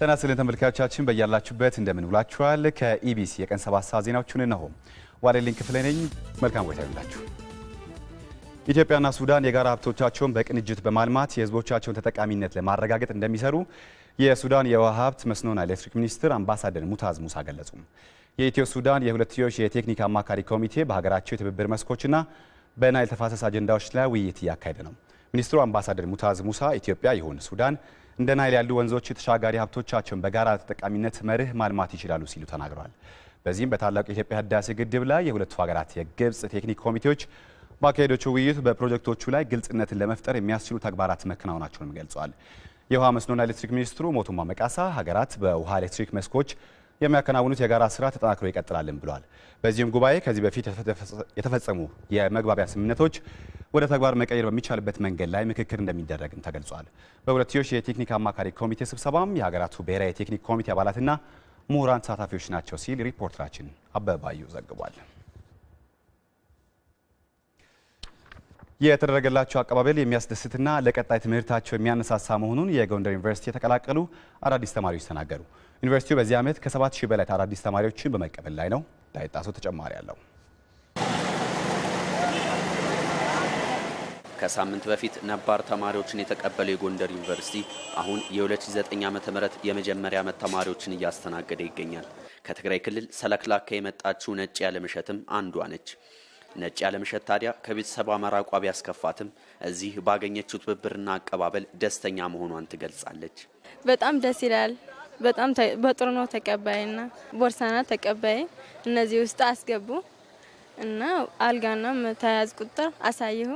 ጤና ይስጥልን ተመልካቾቻችን፣ በያላችሁበት እንደምን ውላችኋል? ከኢቢሲ የቀን 7 ሰዓት ዜናዎቹን እነሆ። ዋሌልኝ ክፍሌ ነኝ። መልካም ቆይታ ይሁንላችሁ። ኢትዮጵያና ሱዳን የጋራ ሀብቶቻቸውን በቅንጅት በማልማት የህዝቦቻቸውን ተጠቃሚነት ለማረጋገጥ እንደሚሰሩ የሱዳን የውሃ ሀብት መስኖና ኤሌክትሪክ ሚኒስትር አምባሳደር ሙታዝ ሙሳ ገለጹ። የኢትዮ ሱዳን የሁለትዮሽ የቴክኒክ አማካሪ ኮሚቴ በሀገራቸው የትብብር መስኮችና በናይል ተፋሰስ አጀንዳዎች ላይ ውይይት እያካሄደ ነው። ሚኒስትሩ አምባሳደር ሙታዝ ሙሳ ኢትዮጵያ ይሁን ሱዳን እንደ ናይል ያሉ ወንዞች ተሻጋሪ ሀብቶቻቸውን በጋራ ተጠቃሚነት መርህ ማልማት ይችላሉ ሲሉ ተናግረዋል። በዚህም በታላቁ የኢትዮጵያ ህዳሴ ግድብ ላይ የሁለቱ ሀገራት የግብጽ ቴክኒክ ኮሚቴዎች ባካሄዶቹ ውይይት በፕሮጀክቶቹ ላይ ግልጽነትን ለመፍጠር የሚያስችሉ ተግባራት መከናወናቸውንም ገልጸዋል። የውሃ መስኖና ኤሌክትሪክ ሚኒስትሩ ሞቱማ መቃሳ ሀገራት በውሃ ኤሌክትሪክ መስኮች የሚያከናውኑት የጋራ ስራ ተጠናክሮ ይቀጥላልን ብለዋል። በዚህም ጉባኤ ከዚህ በፊት የተፈጸሙ የመግባቢያ ስምምነቶች ወደ ተግባር መቀየር በሚቻልበት መንገድ ላይ ምክክር እንደሚደረግም ተገልጿል። በሁለትዮሽ የቴክኒክ አማካሪ ኮሚቴ ስብሰባም የሀገራቱ ብሔራዊ የቴክኒክ ኮሚቴ አባላትና ምሁራን ተሳታፊዎች ናቸው ሲል ሪፖርተራችን አበባዩ ዘግቧል። የተደረገላቸው አቀባበል የሚያስደስትና ለቀጣይ ትምህርታቸው የሚያነሳሳ መሆኑን የጎንደር ዩኒቨርሲቲ የተቀላቀሉ አዳዲስ ተማሪዎች ተናገሩ። ዩኒቨርሲቲው በዚህ ዓመት ከ 7000 በላይ አዳዲስ ተማሪዎችን በመቀበል ላይ ነው። ዳይጣሶ ተጨማሪ አለው። ከሳምንት በፊት ነባር ተማሪዎችን የተቀበለው የጎንደር ዩኒቨርሲቲ አሁን የ2009 ዓ.ም የመጀመሪያ ዓመት ተማሪዎችን እያስተናገደ ይገኛል። ከትግራይ ክልል ሰለክላካ የመጣችው ነጭ ያለመሸትም አንዷ ነች። ነጭ ያለምሸት ታዲያ ከቤተሰቧ መራቋ ቢያስከፋትም እዚህ ባገኘችው ትብብርና አቀባበል ደስተኛ መሆኗን ትገልጻለች። በጣም ደስ ይላል። በጣም በጥሩ ነው ተቀባይና ቦርሳና ተቀባይ እነዚህ ውስጥ አስገቡ እና አልጋና ተያዝ ቁጥር አሳይሁ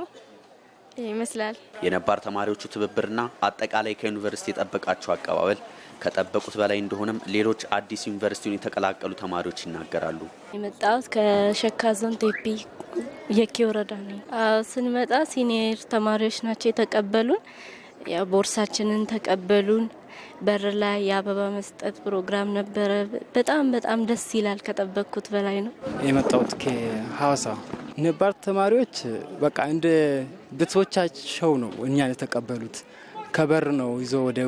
ይመስላል። የነባር ተማሪዎቹ ትብብርና አጠቃላይ ከዩኒቨርሲቲ የጠበቃቸው አቀባበል ከጠበቁት በላይ እንደሆነም ሌሎች አዲስ ዩኒቨርሲቲውን የተቀላቀሉ ተማሪዎች ይናገራሉ። የመጣሁት ከሸካ ዞን ቴፒ የኪ ወረዳ ነው። ስንመጣ ሲኒየር ተማሪዎች ናቸው የተቀበሉን። ቦርሳችንን ተቀበሉን። በር ላይ የአበባ መስጠት ፕሮግራም ነበረ። በጣም በጣም ደስ ይላል። ከጠበቅኩት በላይ ነው። የመጣሁት ከሀዋሳ ነባር ተማሪዎች በቃ እንደ ቤተሰቦቻቸው ነው እኛን የተቀበሉት። ከበር ነው ይዞ ወደ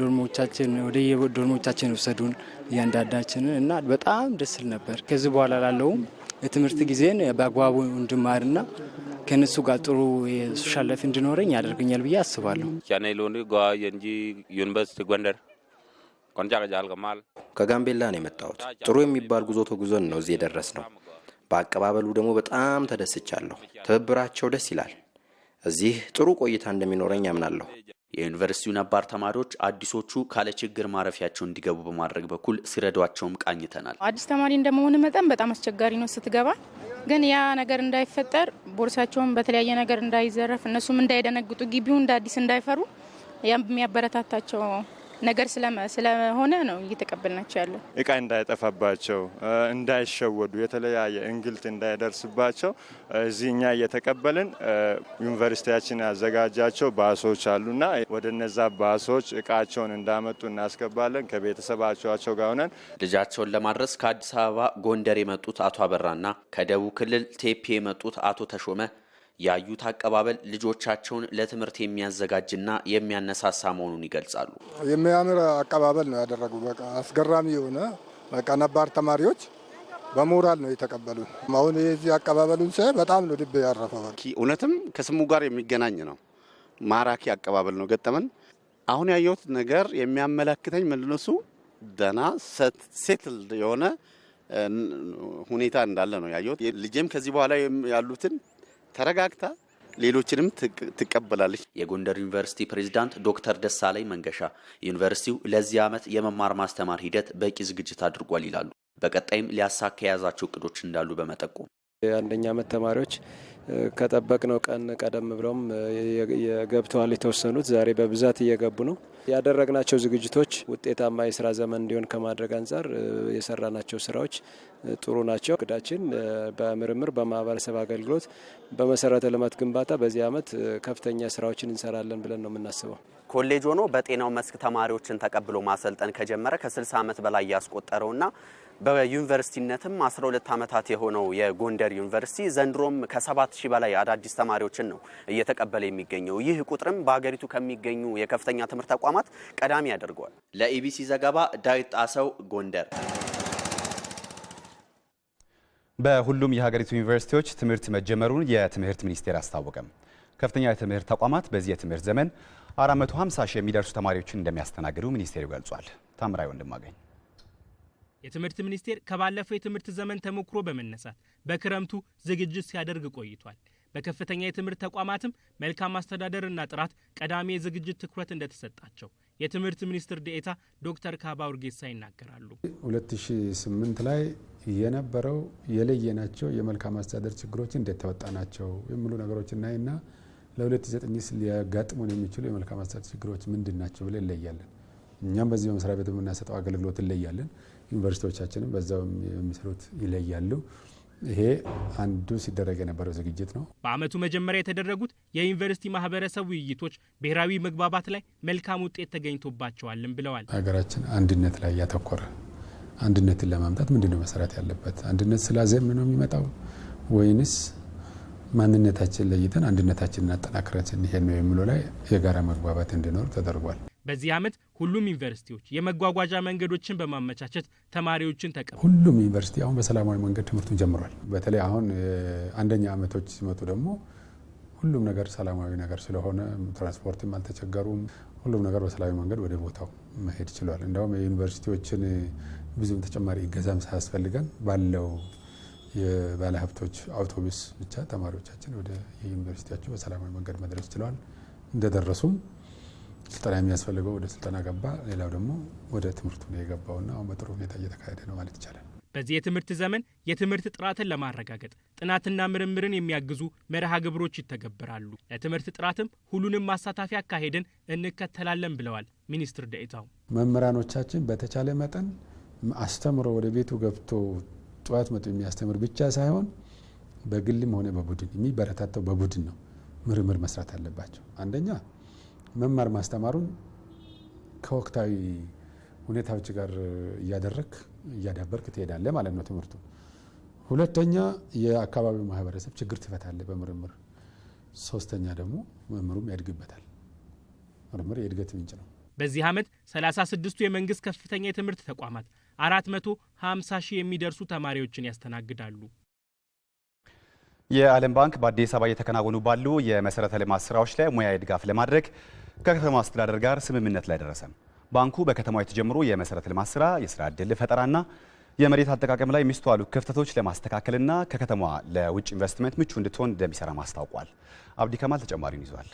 ዶርሞቻችን ወደ የዶርሞቻችን ወሰዱን እያንዳንዳችንን እና በጣም ደስ ይል ነበር። ከዚህ በኋላ ላለውም የትምህርት ጊዜን በአግባቡ እንድማርና ከእነሱ ጋር ጥሩ የሶሻል ላይፍ እንዲኖረኝ ያደርገኛል ብዬ አስባለሁ። ቻኔሎኒ ጓ የእንጂ ዩኒቨርሲቲ ጎንደር ከጋምቤላ ነው የመጣሁት። ጥሩ የሚባል ጉዞ ተጉዞን ነው እዚህ የደረስ ነው። በአቀባበሉ ደግሞ በጣም ተደስቻለሁ። ትብብራቸው ደስ ይላል። እዚህ ጥሩ ቆይታ እንደሚኖረኝ አምናለሁ። የዩኒቨርሲቲው ነባር ተማሪዎች አዲሶቹ ካለ ችግር ማረፊያቸው እንዲገቡ በማድረግ በኩል ሲረዷቸውም ቃኝተናል። አዲስ ተማሪ እንደመሆን መጠን በጣም አስቸጋሪ ነው ስትገባ፣ ግን ያ ነገር እንዳይፈጠር ቦርሳቸውን በተለያየ ነገር እንዳይዘረፍ፣ እነሱም እንዳይደነግጡ፣ ግቢው እንደ አዲስ እንዳይፈሩ የሚያበረታታቸው ነገር ስለሆነ ነው እየተቀበልናቸው ያለ እቃ እንዳይጠፋባቸው፣ እንዳይሸወዱ፣ የተለያየ እንግልት እንዳይደርስባቸው እዚህ እኛ እየተቀበልን ዩኒቨርሲቲያችን ያዘጋጃቸው ባሶች አሉና ወደ እነዛ ባሶች እቃቸውን እንዳመጡ እናስገባለን። ከቤተሰባቸው ጋር ሆነን ልጃቸውን ለማድረስ ከአዲስ አበባ ጎንደር የመጡት አቶ አበራና ከደቡብ ክልል ቴፒ የመጡት አቶ ተሾመ ያዩት አቀባበል ልጆቻቸውን ለትምህርት የሚያዘጋጅና የሚያነሳሳ መሆኑን ይገልጻሉ። የሚያምር አቀባበል ነው ያደረጉ። በቃ አስገራሚ የሆነ በቃ ነባር ተማሪዎች በሞራል ነው የተቀበሉ። አሁን የዚህ አቀባበሉን ሳይ በጣም ነው ልብ ያረፈው። እውነትም ከስሙ ጋር የሚገናኝ ነው። ማራኪ አቀባበል ነው ገጠመን። አሁን ያየሁት ነገር የሚያመላክተኝ ምንድነው ደና ሴትል የሆነ ሁኔታ እንዳለ ነው ያየሁት። ልጄም ከዚህ በኋላ ያሉትን ተረጋግታ ሌሎችንም ትቀበላለች። የጎንደር ዩኒቨርሲቲ ፕሬዚዳንት ዶክተር ደሳለኝ መንገሻ ዩኒቨርሲቲው ለዚህ ዓመት የመማር ማስተማር ሂደት በቂ ዝግጅት አድርጓል ይላሉ። በቀጣይም ሊያሳካ የያዛቸው እቅዶች እንዳሉ በመጠቆም የአንደኛ ዓመት ተማሪዎች ከጠበቅነው ቀን ቀደም ብለውም ገብተዋል። የተወሰኑት ዛሬ በብዛት እየገቡ ነው። ያደረግናቸው ዝግጅቶች ውጤታማ የስራ ዘመን እንዲሆን ከማድረግ አንጻር የሰራናቸው ስራዎች ጥሩ ናቸው። እቅዳችን በምርምር፣ በማህበረሰብ አገልግሎት፣ በመሰረተ ልማት ግንባታ በዚህ አመት ከፍተኛ ስራዎችን እንሰራለን ብለን ነው የምናስበው። ኮሌጅ ሆኖ በጤናው መስክ ተማሪዎችን ተቀብሎ ማሰልጠን ከጀመረ ከ60 ዓመት በላይ ያስቆጠረውና በዩኒቨርሲቲነትም 12 ዓመታት የሆነው የጎንደር ዩኒቨርሲቲ ዘንድሮም ከ7000 በላይ አዳዲስ ተማሪዎችን ነው እየተቀበለ የሚገኘው። ይህ ቁጥርም በሀገሪቱ ከሚገኙ የከፍተኛ ትምህርት ተቋማት ቀዳሚ ያደርገዋል። ለኢቢሲ ዘገባ ዳዊት ጣሰው ጎንደር። በሁሉም የሀገሪቱ ዩኒቨርሲቲዎች ትምህርት መጀመሩን የትምህርት ሚኒስቴር አስታወቀም። ከፍተኛ የትምህርት ተቋማት በዚህ የትምህርት ዘመን 450 ሺህ የሚደርሱ ተማሪዎችን እንደሚያስተናግዱ ሚኒስቴሩ ገልጿል። ታምራዊ ወንድማገኝ የትምህርት ሚኒስቴር ከባለፈው የትምህርት ዘመን ተሞክሮ በመነሳት በክረምቱ ዝግጅት ሲያደርግ ቆይቷል። በከፍተኛ የትምህርት ተቋማትም መልካም አስተዳደርና ጥራት ቀዳሚ የዝግጅት ትኩረት እንደተሰጣቸው የትምህርት ሚኒስትር ዴኤታ ዶክተር ካባ ኡርጌሳ ይናገራሉ። 2008 ላይ የነበረው የለየናቸው የመልካም አስተዳደር ችግሮች እንደተወጣ ናቸው የሚሉ ነገሮች እናይና ለሁለት ዘጠኝስ ሊያጋጥሙን የሚችሉ የመልካም አስተዳደር ችግሮች ምንድን ናቸው ብለን እንለያለን። እኛም በዚህ በመስሪያ ቤቱ የምናሰጠው አገልግሎት እንለያለን። ዩኒቨርሲቲዎቻችንም በዛው የሚሰሩት ይለያሉ። ይሄ አንዱ ሲደረግ የነበረው ዝግጅት ነው። በአመቱ መጀመሪያ የተደረጉት የዩኒቨርሲቲ ማህበረሰብ ውይይቶች ብሔራዊ መግባባት ላይ መልካም ውጤት ተገኝቶባቸዋልም ብለዋል። ሀገራችን አንድነት ላይ ያተኮረ አንድነትን ለማምጣት ምንድነው መሰራት ያለበት? አንድነት ስላዘም ነው የሚመጣው ወይንስ ማንነታችን ለይተን አንድነታችንን አጠናክረን ስንሄድ ነው የሚለው ላይ የጋራ መግባባት እንዲኖር ተደርጓል። በዚህ ዓመት ሁሉም ዩኒቨርሲቲዎች የመጓጓዣ መንገዶችን በማመቻቸት ተማሪዎችን ተቀ ሁሉም ዩኒቨርሲቲ አሁን በሰላማዊ መንገድ ትምህርቱን ጀምሯል። በተለይ አሁን አንደኛ ዓመቶች ሲመጡ ደግሞ ሁሉም ነገር ሰላማዊ ነገር ስለሆነ ትራንስፖርትም አልተቸገሩም። ሁሉም ነገር በሰላማዊ መንገድ ወደ ቦታው መሄድ ችሏል። እንዲሁም የዩኒቨርሲቲዎችን ብዙም ተጨማሪ እገዛም ሳያስፈልገን ባለው የባለሀብቶች አውቶቡስ ብቻ ተማሪዎቻችን ወደ የዩኒቨርሲቲያቸው በሰላማዊ መንገድ መድረስ ችለዋል። እንደደረሱም ስልጠና የሚያስፈልገው ወደ ስልጠና ገባ፣ ሌላው ደግሞ ወደ ትምህርቱ ነው የገባውና አሁን በጥሩ ሁኔታ እየተካሄደ ነው ማለት ይቻላል። በዚህ የትምህርት ዘመን የትምህርት ጥራትን ለማረጋገጥ ጥናትና ምርምርን የሚያግዙ መርሃ ግብሮች ይተገበራሉ። ለትምህርት ጥራትም ሁሉንም ማሳታፊ አካሄድን እንከተላለን ብለዋል ሚኒስትር ደኤታው። መምህራኖቻችን በተቻለ መጠን አስተምሮ ወደ ቤቱ ገብቶ ጠዋት መጡ የሚያስተምር ብቻ ሳይሆን በግልም ሆነ በቡድን የሚበረታተው በቡድን ነው። ምርምር መስራት አለባቸው። አንደኛ መማር ማስተማሩን ከወቅታዊ ሁኔታዎች ጋር እያደረክ እያዳበርክ ትሄዳለህ ማለት ነው ትምህርቱ። ሁለተኛ የአካባቢው ማህበረሰብ ችግር ትፈታለህ በምርምር። ሶስተኛ ደግሞ ምርምሩም ያድግበታል። ምርምር የእድገት ምንጭ ነው። በዚህ ዓመት ሰላሳ ስድስቱ የመንግስት ከፍተኛ የትምህርት ተቋማት አራት መቶ ሺህ የሚደርሱ ተማሪዎችን ያስተናግዳሉ። የዓለም ባንክ በአዲስ አበባ እየተከናወኑ ባሉ የመሰረተ ልማት ስራዎች ላይ ሙያዊ ድጋፍ ለማድረግ ከከተማ አስተዳደር ጋር ስምምነት ላይ ደረሰ። ባንኩ በከተማው የተጀመሩ የመሰረተ ልማት ስራ፣ የስራ እድል ፈጠራና የመሬት አጠቃቀም ላይ የሚስተዋሉ ክፍተቶች ለማስተካከልና ከከተማ ለውጭ ኢንቨስትመንት ምቹ እንድትሆን እንደሚሰራ ማስታውቋል። አብዲ ከማል ተጨማሪውን ይዟል።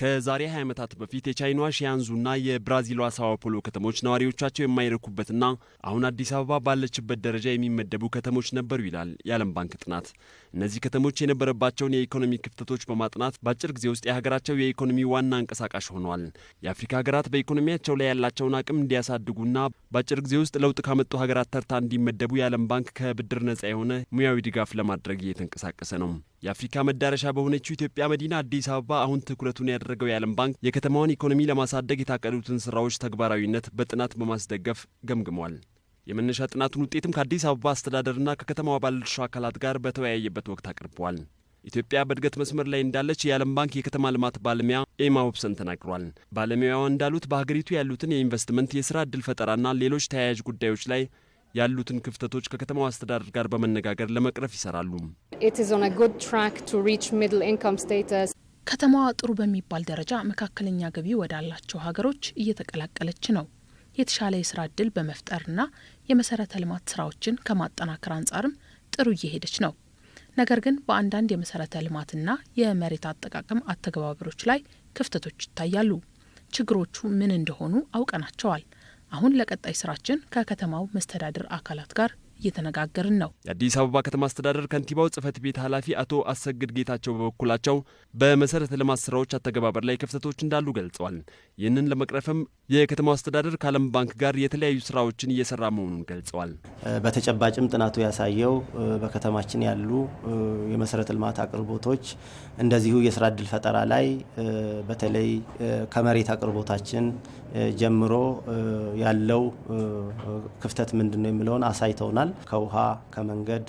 ከዛሬ 20 ዓመታት በፊት የቻይናዋ ሺያንዙና የብራዚሏ ሳዋፖሎ ከተሞች ነዋሪዎቻቸው የማይረኩበትና አሁን አዲስ አበባ ባለችበት ደረጃ የሚመደቡ ከተሞች ነበሩ ይላል የዓለም ባንክ ጥናት። እነዚህ ከተሞች የነበረባቸውን የኢኮኖሚ ክፍተቶች በማጥናት በአጭር ጊዜ ውስጥ የሀገራቸው የኢኮኖሚ ዋና አንቀሳቃሽ ሆኗል። የአፍሪካ ሀገራት በኢኮኖሚያቸው ላይ ያላቸውን አቅም እንዲያሳድጉና በአጭር ጊዜ ውስጥ ለውጥ ካመጡ ሀገራት ተርታ እንዲመደቡ የዓለም ባንክ ከብድር ነጻ የሆነ ሙያዊ ድጋፍ ለማድረግ እየተንቀሳቀሰ ነው። የአፍሪካ መዳረሻ በሆነችው ኢትዮጵያ መዲና አዲስ አበባ አሁን ትኩረቱን ያደረገው የዓለም ባንክ የከተማዋን ኢኮኖሚ ለማሳደግ የታቀዱትን ስራዎች ተግባራዊነት በጥናት በማስደገፍ ገምግሟል። የመነሻ ጥናቱን ውጤትም ከአዲስ አበባ አስተዳደርና ከከተማዋ ባለድርሻ አካላት ጋር በተወያየበት ወቅት አቅርበዋል። ኢትዮጵያ በእድገት መስመር ላይ እንዳለች የዓለም ባንክ የከተማ ልማት ባለሙያ ኤማ ወብሰን ተናግሯል። ባለሙያዋ እንዳሉት በሀገሪቱ ያሉትን የኢንቨስትመንት የስራ ዕድል ፈጠራና ሌሎች ተያያዥ ጉዳዮች ላይ ያሉትን ክፍተቶች ከከተማው አስተዳደር ጋር በመነጋገር ለመቅረፍ ይሰራሉ። ከተማዋ ጥሩ በሚባል ደረጃ መካከለኛ ገቢ ወዳላቸው ሀገሮች እየተቀላቀለች ነው። የተሻለ የስራ ዕድል በመፍጠርና የመሰረተ ልማት ስራዎችን ከማጠናከር አንጻርም ጥሩ እየሄደች ነው። ነገር ግን በአንዳንድ የመሰረተ ልማትና የመሬት አጠቃቀም አተገባበሮች ላይ ክፍተቶች ይታያሉ። ችግሮቹ ምን እንደሆኑ አውቀናቸዋል። አሁን ለቀጣይ ስራችን ከከተማው መስተዳድር አካላት ጋር እየተነጋገርን ነው። የአዲስ አበባ ከተማ አስተዳደር ከንቲባው ጽህፈት ቤት ኃላፊ አቶ አሰግድ ጌታቸው በበኩላቸው በመሰረተ ልማት ስራዎች አተገባበር ላይ ክፍተቶች እንዳሉ ገልጸዋል። ይህንን ለመቅረፍም የከተማው አስተዳደር ከዓለም ባንክ ጋር የተለያዩ ስራዎችን እየሰራ መሆኑን ገልጸዋል። በተጨባጭም ጥናቱ ያሳየው በከተማችን ያሉ የመሰረተ ልማት አቅርቦቶች እንደዚሁ የስራ እድል ፈጠራ ላይ በተለይ ከመሬት አቅርቦታችን ጀምሮ ያለው ክፍተት ምንድን ነው የሚለውን አሳይተውናል። ከውሃ፣ ከመንገድ፣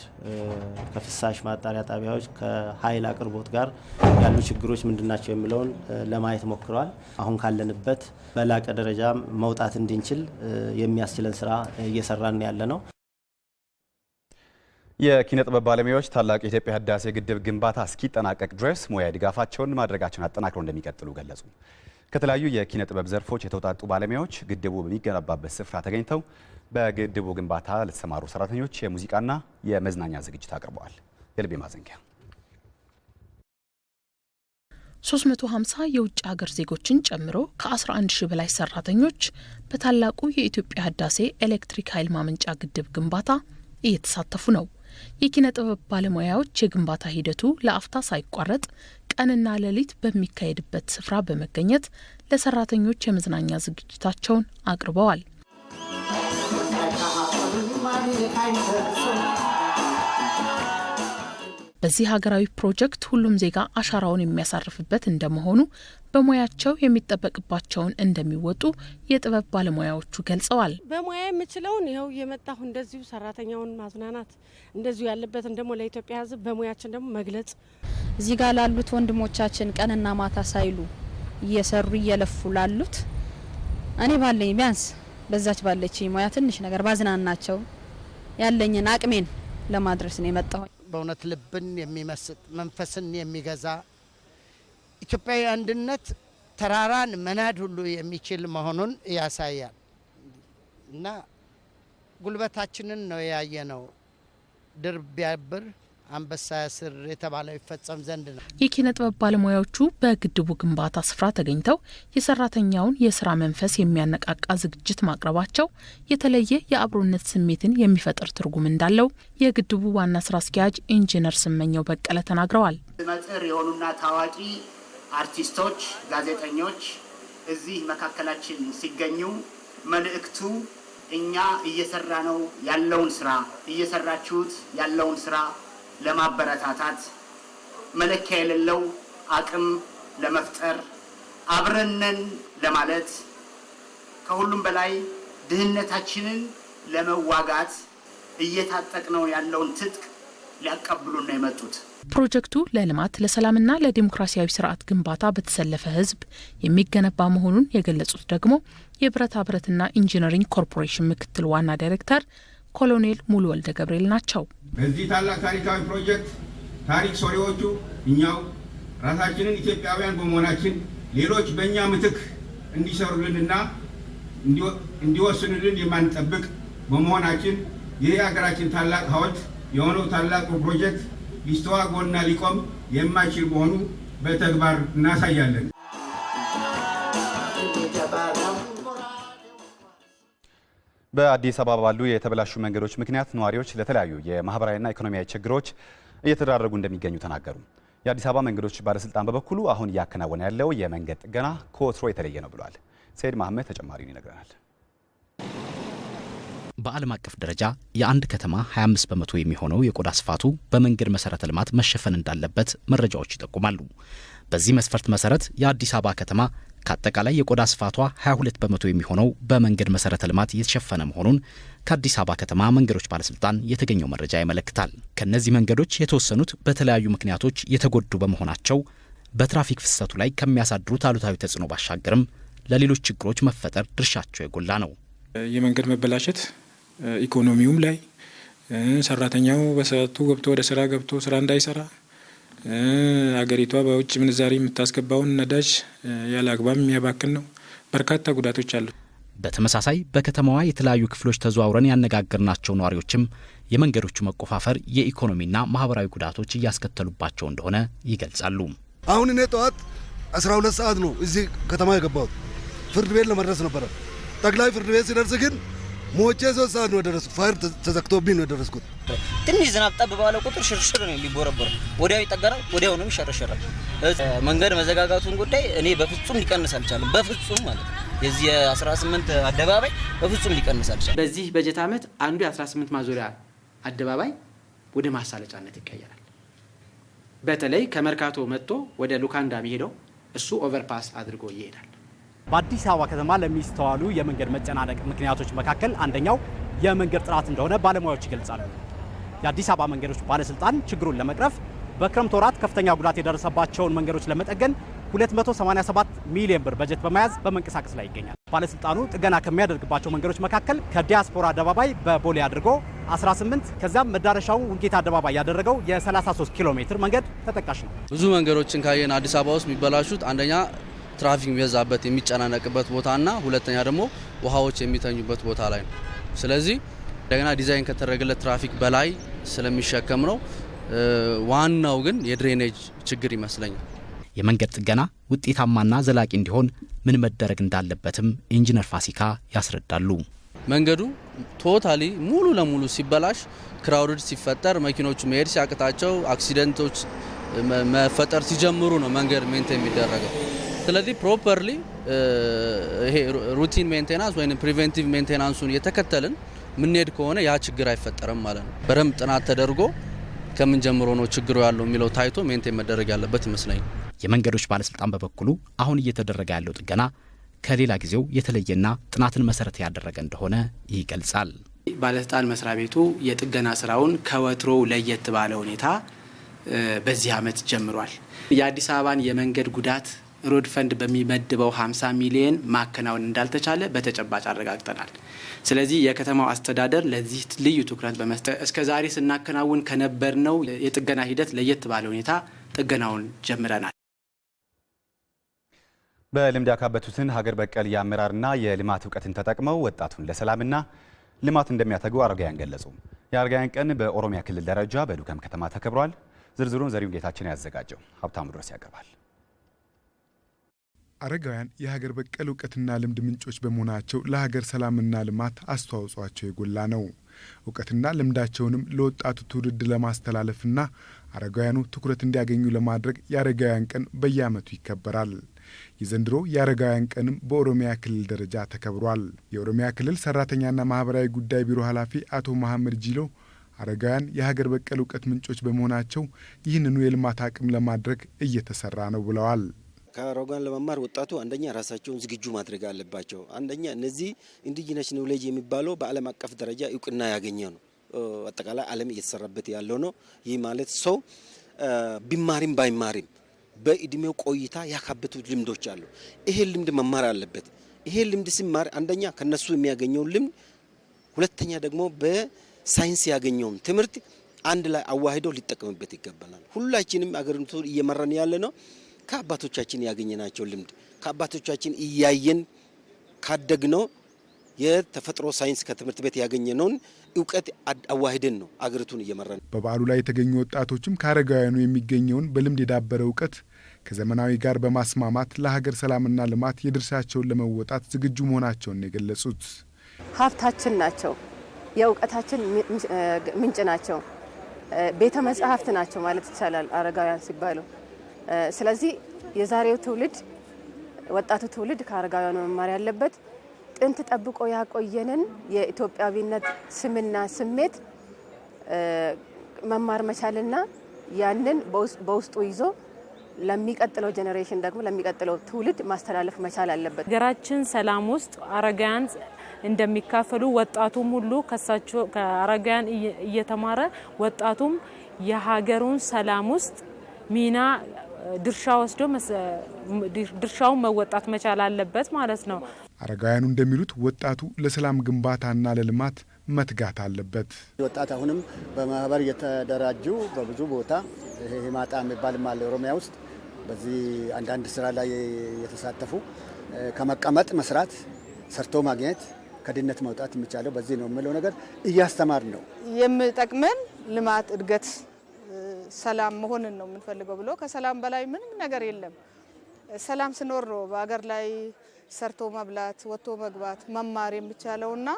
ከፍሳሽ ማጣሪያ ጣቢያዎች፣ ከኃይል አቅርቦት ጋር ያሉ ችግሮች ምንድናቸው የሚለውን ለማየት ሞክረዋል። አሁን ካለን ካለንበት በላቀ ደረጃ መውጣት እንድንችል የሚያስችለን ስራ እየሰራን ያለ ነው። የኪነ ጥበብ ባለሙያዎች ታላቁ የኢትዮጵያ ህዳሴ ግድብ ግንባታ እስኪጠናቀቅ ድረስ ሙያ ድጋፋቸውን ማድረጋቸውን አጠናክረው እንደሚቀጥሉ ገለጹ። ከተለያዩ የኪነ ጥበብ ዘርፎች የተውጣጡ ባለሙያዎች ግድቡ በሚገነባበት ስፍራ ተገኝተው በግድቡ ግንባታ ለተሰማሩ ሰራተኞች የሙዚቃና የመዝናኛ ዝግጅት አቅርበዋል። የልቤ ማዘንጊያ 350 የውጭ ሀገር ዜጎችን ጨምሮ ከ11 በላይ ሰራተኞች በታላቁ የኢትዮጵያ ህዳሴ ኤሌክትሪክ ኃይል ማመንጫ ግድብ ግንባታ እየተሳተፉ ነው። የኪነ ጥበብ ባለሙያዎች የግንባታ ሂደቱ ለአፍታ ሳይቋረጥ ቀንና ሌሊት በሚካሄድበት ስፍራ በመገኘት ለሰራተኞች የመዝናኛ ዝግጅታቸውን አቅርበዋል። በዚህ ሀገራዊ ፕሮጀክት ሁሉም ዜጋ አሻራውን የሚያሳርፍበት እንደመሆኑ በሙያቸው የሚጠበቅባቸውን እንደሚወጡ የጥበብ ባለሙያዎቹ ገልጸዋል። በሙያ የምችለውን ይኸው እየመጣሁ እንደዚሁ ሰራተኛውን ማዝናናት እንደዚሁ ያለበትን ደግሞ ለኢትዮጵያ ሕዝብ በሙያችን ደግሞ መግለጽ እዚህ ጋር ላሉት ወንድሞቻችን ቀንና ማታ ሳይሉ እየሰሩ እየለፉ ላሉት እኔ ባለኝ ቢያንስ በዛች ባለች ሙያ ትንሽ ነገር ባዝናናቸው ያለኝን አቅሜን ለማድረስ ነው የመጣሁኝ። በእውነት ልብን የሚመስጥ መንፈስን የሚገዛ ኢትዮጵያዊ አንድነት ተራራን መናድ ሁሉ የሚችል መሆኑን ያሳያል እና ጉልበታችንን ነው ያየነው። ድር ቢያብር አንበሳ ስር የተባለው ይፈጸም ዘንድ ነው። የኪነ ጥበብ ባለሙያዎቹ በግድቡ ግንባታ ስፍራ ተገኝተው የሰራተኛውን የስራ መንፈስ የሚያነቃቃ ዝግጅት ማቅረባቸው የተለየ የአብሮነት ስሜትን የሚፈጥር ትርጉም እንዳለው የግድቡ ዋና ስራ አስኪያጅ ኢንጂነር ስመኘው በቀለ ተናግረዋል። መጽር የሆኑና ታዋቂ አርቲስቶች፣ ጋዜጠኞች እዚህ መካከላችን ሲገኙ መልእክቱ እኛ እየሰራ ነው ያለውን ስራ እየሰራችሁት ያለውን ስራ ለማበረታታት መለኪያ የሌለው አቅም ለመፍጠር አብረነን ለማለት ከሁሉም በላይ ድህነታችንን ለመዋጋት እየታጠቅነው ያለውን ትጥቅ ሊያቀብሉና ነው የመጡት። ፕሮጀክቱ ለልማት ለሰላምና ለዲሞክራሲያዊ ስርዓት ግንባታ በተሰለፈ ህዝብ የሚገነባ መሆኑን የገለጹት ደግሞ የብረታ ብረትና ኢንጂነሪንግ ኮርፖሬሽን ምክትል ዋና ዳይሬክተር ኮሎኔል ሙሉ ወልደ ገብርኤል ናቸው። በዚህ ታላቅ ታሪካዊ ፕሮጀክት ታሪክ ሰሪዎቹ እኛው ራሳችንን ኢትዮጵያውያን በመሆናችን ሌሎች በእኛ ምትክ እንዲሰሩልንና እንዲወስንልን የማንጠብቅ በመሆናችን ይህ የሀገራችን ታላቅ ሀውልት የሆነው ታላቁ ፕሮጀክት ሊስተዋጎልና ሊቆም የማይችል መሆኑ በተግባር እናሳያለን። በአዲስ አበባ ባሉ የተበላሹ መንገዶች ምክንያት ነዋሪዎች ለተለያዩ የማህበራዊና ኢኮኖሚያዊ ችግሮች እየተዳረጉ እንደሚገኙ ተናገሩ። የአዲስ አበባ መንገዶች ባለስልጣን በበኩሉ አሁን እያከናወነ ያለው የመንገድ ጥገና ከወትሮ የተለየ ነው ብሏል። ሰይድ መሐመድ ተጨማሪውን ይነግረናል። በዓለም አቀፍ ደረጃ የአንድ ከተማ 25 በመቶ የሚሆነው የቆዳ ስፋቱ በመንገድ መሰረተ ልማት መሸፈን እንዳለበት መረጃዎች ይጠቁማሉ። በዚህ መስፈርት መሰረት የአዲስ አበባ ከተማ ከአጠቃላይ የቆዳ ስፋቷ 22 በመቶ የሚሆነው በመንገድ መሰረተ ልማት የተሸፈነ መሆኑን ከአዲስ አበባ ከተማ መንገዶች ባለስልጣን የተገኘው መረጃ ያመለክታል። ከእነዚህ መንገዶች የተወሰኑት በተለያዩ ምክንያቶች የተጎዱ በመሆናቸው በትራፊክ ፍሰቱ ላይ ከሚያሳድሩት አሉታዊ ተጽዕኖ ባሻገርም ለሌሎች ችግሮች መፈጠር ድርሻቸው የጎላ ነው። የመንገድ መበላሸት ኢኮኖሚውም ላይ ሰራተኛው በሰቱ ገብቶ ወደ ስራ ገብቶ ስራ እንዳይሰራ አገሪቷ በውጭ ምንዛሪ የምታስገባውን ነዳጅ ያለ አግባብ የሚያባክን ነው። በርካታ ጉዳቶች አሉ። በተመሳሳይ በከተማዋ የተለያዩ ክፍሎች ተዘዋውረን ያነጋገርናቸው ነዋሪዎችም የመንገዶቹ መቆፋፈር የኢኮኖሚና ማህበራዊ ጉዳቶች እያስከተሉባቸው እንደሆነ ይገልጻሉ። አሁን እኔ ጠዋት 12 ሰዓት ነው እዚህ ከተማ የገባሁት። ፍርድ ቤት ለመድረስ ነበረ። ጠቅላይ ፍርድ ቤት ሲደርስ ግን ሞቼ ሶስት ሰዓት ነው የደረስኩት። ፋይር ተዘግቶብኝ ነው የደረስኩት። ትንሽ ዝናብ ጠብ ባለ ቁጥር ሽርሽር ነው ሊቦረቦር፣ ወዲያው ይጠገራል፣ ወዲያው ነው ይሸረሸራል። መንገድ መዘጋጋቱን ጉዳይ እኔ በፍጹም ሊቀንስ አልቻለም። በፍጹም ማለት ነው የዚህ የ18 አደባባይ በፍጹም ሊቀንስ አልቻለም። በዚህ በጀት ዓመት አንዱ የ18 ማዞሪያ አደባባይ ወደ ማሳለጫነት ይቀየራል። በተለይ ከመርካቶ መጥቶ ወደ ሉካንዳ የሚሄደው እሱ ኦቨርፓስ አድርጎ ይሄዳል። በአዲስ አበባ ከተማ ለሚስተዋሉ የመንገድ መጨናነቅ ምክንያቶች መካከል አንደኛው የመንገድ ጥራት እንደሆነ ባለሙያዎች ይገልጻሉ። የአዲስ አበባ መንገዶች ባለስልጣን ችግሩን ለመቅረፍ በክረምት ወራት ከፍተኛ ጉዳት የደረሰባቸውን መንገዶች ለመጠገን 287 ሚሊዮን ብር በጀት በመያዝ በመንቀሳቀስ ላይ ይገኛል። ባለስልጣኑ ጥገና ከሚያደርግባቸው መንገዶች መካከል ከዲያስፖራ አደባባይ በቦሌ አድርጎ 18 ከዚያም መዳረሻው ውንጌት አደባባይ ያደረገው የ33 ኪሎ ሜትር መንገድ ተጠቃሽ ነው። ብዙ መንገዶችን ካየን አዲስ አበባ ውስጥ የሚበላሹት አንደኛ ትራፊክ የሚበዛበት የሚጨናነቅበት ቦታና ሁለተኛ ደግሞ ውሃዎች የሚተኙበት ቦታ ላይ ነው። ስለዚህ እንደገና ዲዛይን ከተደረገለት ትራፊክ በላይ ስለሚሸከም ነው። ዋናው ግን የድሬኔጅ ችግር ይመስለኛል። የመንገድ ጥገና ውጤታማና ዘላቂ እንዲሆን ምን መደረግ እንዳለበትም ኢንጂነር ፋሲካ ያስረዳሉ። መንገዱ ቶታሊ ሙሉ ለሙሉ ሲበላሽ፣ ክራውድድ ሲፈጠር፣ መኪኖቹ መሄድ ሲያቅታቸው፣ አክሲደንቶች መፈጠር ሲጀምሩ ነው መንገድ ሜንቴን የሚደረገው። ስለዚህ ፕሮፐርሊ uh, ይሄ ሩቲን ሜንቴናንስ ወይም ፕሪቨንቲቭ ሜንቴናንሱን የተከተልን ምንሄድ ከሆነ ያ ችግር አይፈጠርም ማለት ነው። በደንብ ጥናት ተደርጎ ከምን ጀምሮ ነው ችግሩ ያለው የሚለው ታይቶ ሜንቴን መደረግ ያለበት ይመስለኝ። የመንገዶች ባለስልጣን በበኩሉ አሁን እየተደረገ ያለው ጥገና ከሌላ ጊዜው የተለየና ጥናትን መሰረት ያደረገ እንደሆነ ይገልጻል። ባለስልጣን መስሪያ ቤቱ የጥገና ስራውን ከወትሮው ለየት ባለ ሁኔታ uh, በዚህ አመት ጀምሯል። የአዲስ አበባን የመንገድ ጉዳት ሮድ ፈንድ በሚመድበው 50 ሚሊየን ማከናወን እንዳልተቻለ በተጨባጭ አረጋግጠናል። ስለዚህ የከተማው አስተዳደር ለዚህ ልዩ ትኩረት በመስጠት እስከ ዛሬ ስናከናውን ከነበርነው የጥገና ሂደት ለየት ባለ ሁኔታ ጥገናውን ጀምረናል። በልምድ ያካበቱትን ሀገር በቀል የአመራርና የልማት እውቀትን ተጠቅመው ወጣቱን ለሰላምና ልማት እንደሚያተጉ አረጋያን ገለጹ። የአረጋያን ቀን በኦሮሚያ ክልል ደረጃ በዱከም ከተማ ተከብሯል። ዝርዝሩን ዘሪሁን ጌታችን ያዘጋጀው ሀብታሙ ድረስ ያቀርባል። አረጋውያን የሀገር በቀል እውቀትና ልምድ ምንጮች በመሆናቸው ለሀገር ሰላምና ልማት አስተዋጽኦአቸው የጎላ ነው። እውቀትና ልምዳቸውንም ለወጣቱ ትውልድ ለማስተላለፍና አረጋውያኑ ትኩረት እንዲያገኙ ለማድረግ የአረጋውያን ቀን በየዓመቱ ይከበራል። የዘንድሮ የአረጋውያን ቀንም በኦሮሚያ ክልል ደረጃ ተከብሯል። የኦሮሚያ ክልል ሰራተኛና ማህበራዊ ጉዳይ ቢሮ ኃላፊ አቶ መሐመድ ጂሎ አረጋውያን የሀገር በቀል እውቀት ምንጮች በመሆናቸው ይህንኑ የልማት አቅም ለማድረግ እየተሰራ ነው ብለዋል። ከአውሮፓውያን ለመማር ወጣቱ አንደኛ ራሳቸውን ዝግጁ ማድረግ አለባቸው። አንደኛ እነዚህ ኢንዲጂነስ ኖሌጅ የሚባለው በዓለም አቀፍ ደረጃ እውቅና ያገኘ ነው። አጠቃላይ ዓለም እየተሰራበት ያለው ነው። ይህ ማለት ሰው ቢማሪም ባይማሪም በእድሜው ቆይታ ያካበቱ ልምዶች አሉ። ይሄን ልምድ መማር አለበት። ይሄ ልምድ ሲማር አንደኛ ከነሱ የሚያገኘውን ልምድ፣ ሁለተኛ ደግሞ በሳይንስ ያገኘውን ትምህርት አንድ ላይ አዋህደው ሊጠቀምበት ይገባናል። ሁላችንም አገሪቱ እየመራን ያለ ነው። ከአባቶቻችን ያገኘናቸው ልምድ ከአባቶቻችን እያየን ካደግነው የተፈጥሮ ሳይንስ ከትምህርት ቤት ያገኘነውን እውቀት አዋሂደን ነው አገሪቱን እየመራን። በበዓሉ ላይ የተገኙ ወጣቶችም ከአረጋውያኑ የሚገኘውን በልምድ የዳበረ እውቀት ከዘመናዊ ጋር በማስማማት ለሀገር ሰላምና ልማት የድርሻቸውን ለመወጣት ዝግጁ መሆናቸውን የገለጹት ሀብታችን ናቸው፣ የእውቀታችን ምንጭ ናቸው፣ ቤተ መጽሐፍት ናቸው ማለት ይቻላል አረጋውያን ሲባሉ ስለዚህ የዛሬው ትውልድ ወጣቱ ትውልድ ከአረጋውያኑ መማር ያለበት ጥንት ጠብቆ ያቆየንን የኢትዮጵያዊነት ስምና ስሜት መማር መቻልና ያንን በውስጡ ይዞ ለሚቀጥለው ጀኔሬሽን ደግሞ ለሚቀጥለው ትውልድ ማስተላለፍ መቻል አለበት። ሀገራችን ሰላም ውስጥ አረጋውያን እንደሚካፈሉ ወጣቱም ሁሉ ከሳቸው ከአረጋውያን እየተማረ ወጣቱም የሀገሩን ሰላም ውስጥ ሚና ድርሻ ወስዶ ድርሻውን መወጣት መቻል አለበት ማለት ነው። አረጋውያኑ እንደሚሉት ወጣቱ ለሰላም ግንባታና ለልማት መትጋት አለበት። ወጣት አሁንም በማህበር እየተደራጁ በብዙ ቦታ የሚባልም አለ ኦሮሚያ ውስጥ በዚህ አንዳንድ ስራ ላይ የተሳተፉ ከመቀመጥ መስራት፣ ሰርቶ ማግኘት፣ ከድህነት መውጣት የሚቻለው በዚህ ነው የምለው ነገር እያስተማር ነው ልማት እድገት ሰላም መሆንን ነው የምንፈልገው ብሎ ከሰላም በላይ ምንም ነገር የለም። ሰላም ስኖር ነው በሀገር ላይ ሰርቶ መብላት፣ ወጥቶ መግባት፣ መማር የሚቻለውና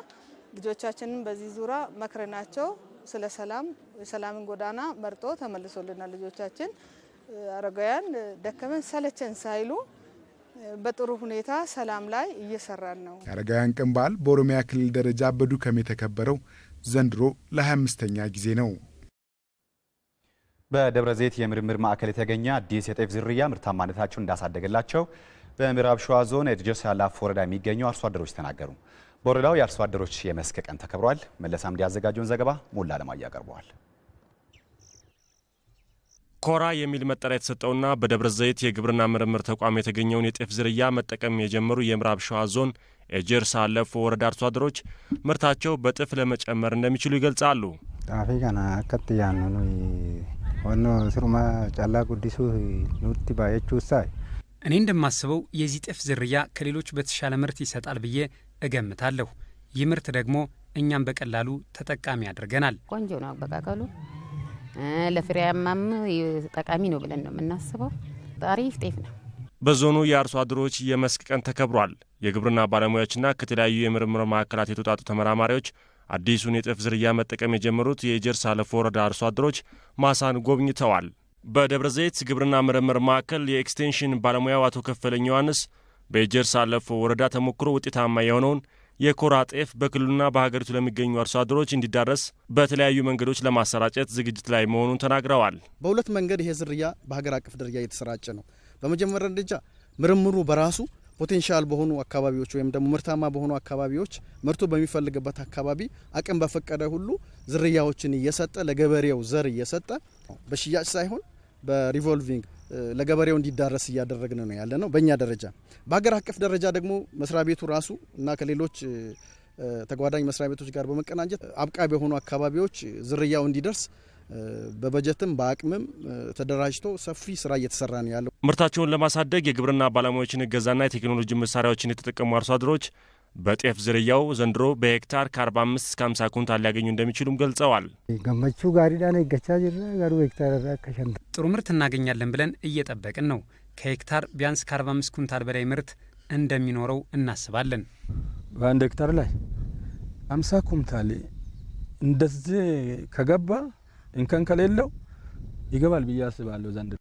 ልጆቻችንን በዚህ ዙሪያ መክረናቸው ስለ ሰላም የሰላምን ጎዳና መርጦ ተመልሶልናል። ልጆቻችን አረጋውያን ደከመን ሰለቸን ሳይሉ በጥሩ ሁኔታ ሰላም ላይ እየሰራን ነው። የአረጋውያን ቀን በዓል በኦሮሚያ ክልል ደረጃ በዱከም የተከበረው ዘንድሮ ለ25ኛ ጊዜ ነው። በደብረ ዘይት የምርምር ማዕከል የተገኘ አዲስ የጤፍ ዝርያ ምርታማነታቸውን እንዳሳደገላቸው በምዕራብ ሸዋ ዞን የድጀርስ ያላፍ ወረዳ የሚገኙ አርሶ አደሮች ተናገሩ። በወረዳው የአርሶ አደሮች የመስክ ቀን ተከብሯል። መለሳ እንዲያዘጋጀውን ዘገባ ሞላ አለማየ ያቀርበዋል። ኮራ የሚል መጠሪያ የተሰጠውና በደብረ ዘይት የግብርና ምርምር ተቋም የተገኘውን የጤፍ ዝርያ መጠቀም የጀመሩ የምዕራብ ሸዋ ዞን የጀርስ ያላፍ ወረዳ አርሶ አደሮች ምርታቸው በጥፍ ለመጨመር እንደሚችሉ ይገልጻሉ። ሆኖ ስሩማ ጫላ ጉዲሱ ኑቲ ባየቹሳ እኔ እንደማስበው የዚህ ጤፍ ዝርያ ከሌሎች በተሻለ ምርት ይሰጣል ብዬ እገምታለሁ። ይህ ምርት ደግሞ እኛም በቀላሉ ተጠቃሚ ያደርገናል። ቆንጆ ነው አበቃቀሉ፣ ለፍሬያማም ጠቃሚ ነው ብለን ነው የምናስበው። አሪፍ ጤፍ ነው። በዞኑ የአርሶ አደሮች የመስክ ቀን ተከብሯል። የግብርና ባለሙያዎችና ከተለያዩ የምርምር ማዕከላት የተውጣጡ ተመራማሪዎች አዲሱን የጤፍ ዝርያ መጠቀም የጀመሩት የጀርስ አለፎ ወረዳ አርሶ አደሮች ማሳን ጎብኝተዋል። በደብረ ዘይት ግብርና ምርምር ማዕከል የኤክስቴንሽን ባለሙያው አቶ ከፈለኝ ዮሐንስ በጀርስ አለፎ ወረዳ ተሞክሮ ውጤታማ የሆነውን የኮራ ጤፍ በክልሉና በሀገሪቱ ለሚገኙ አርሶ አደሮች እንዲዳረስ በተለያዩ መንገዶች ለማሰራጨት ዝግጅት ላይ መሆኑን ተናግረዋል። በሁለት መንገድ ይሄ ዝርያ በሀገር አቀፍ ደረጃ እየተሰራጨ ነው። በመጀመሪያ ደረጃ ምርምሩ በራሱ ፖቴንሻል በሆኑ አካባቢዎች ወይም ደግሞ ምርታማ በሆኑ አካባቢዎች ምርቱ በሚፈልግበት አካባቢ አቅም በፈቀደ ሁሉ ዝርያዎችን እየሰጠ ለገበሬው ዘር እየሰጠ በሽያጭ ሳይሆን በሪቮልቪንግ ለገበሬው እንዲዳረስ እያደረግን ነው ያለ ነው በእኛ ደረጃ። በሀገር አቀፍ ደረጃ ደግሞ መስሪያ ቤቱ ራሱ እና ከሌሎች ተጓዳኝ መስሪያ ቤቶች ጋር በመቀናጀት አብቃቢ የሆኑ አካባቢዎች ዝርያው እንዲደርስ በበጀትም በአቅምም ተደራጅቶ ሰፊ ስራ እየተሰራ ነው ያለው። ምርታቸውን ለማሳደግ የግብርና ባለሙያዎችን እገዛና የቴክኖሎጂ መሳሪያዎችን የተጠቀሙ አርሶ አደሮች በጤፍ ዝርያው ዘንድሮ በሄክታር ከ45 እስከ 50 ኩንታል ሊያገኙ እንደሚችሉም ገልጸዋል። ገመቹ ጋሪዳና ይገቻ ጋሩ ሄክታር ጥሩ ምርት እናገኛለን ብለን እየጠበቅን ነው። ከሄክታር ቢያንስ ከ45 ኩንታል በላይ ምርት እንደሚኖረው እናስባለን። በአንድ ሄክታር ላይ 50 ኩንታል እንደዚህ ከገባ እንከን ከሌለው ይገባል ብዬ አስባለሁ ዘንድሮ።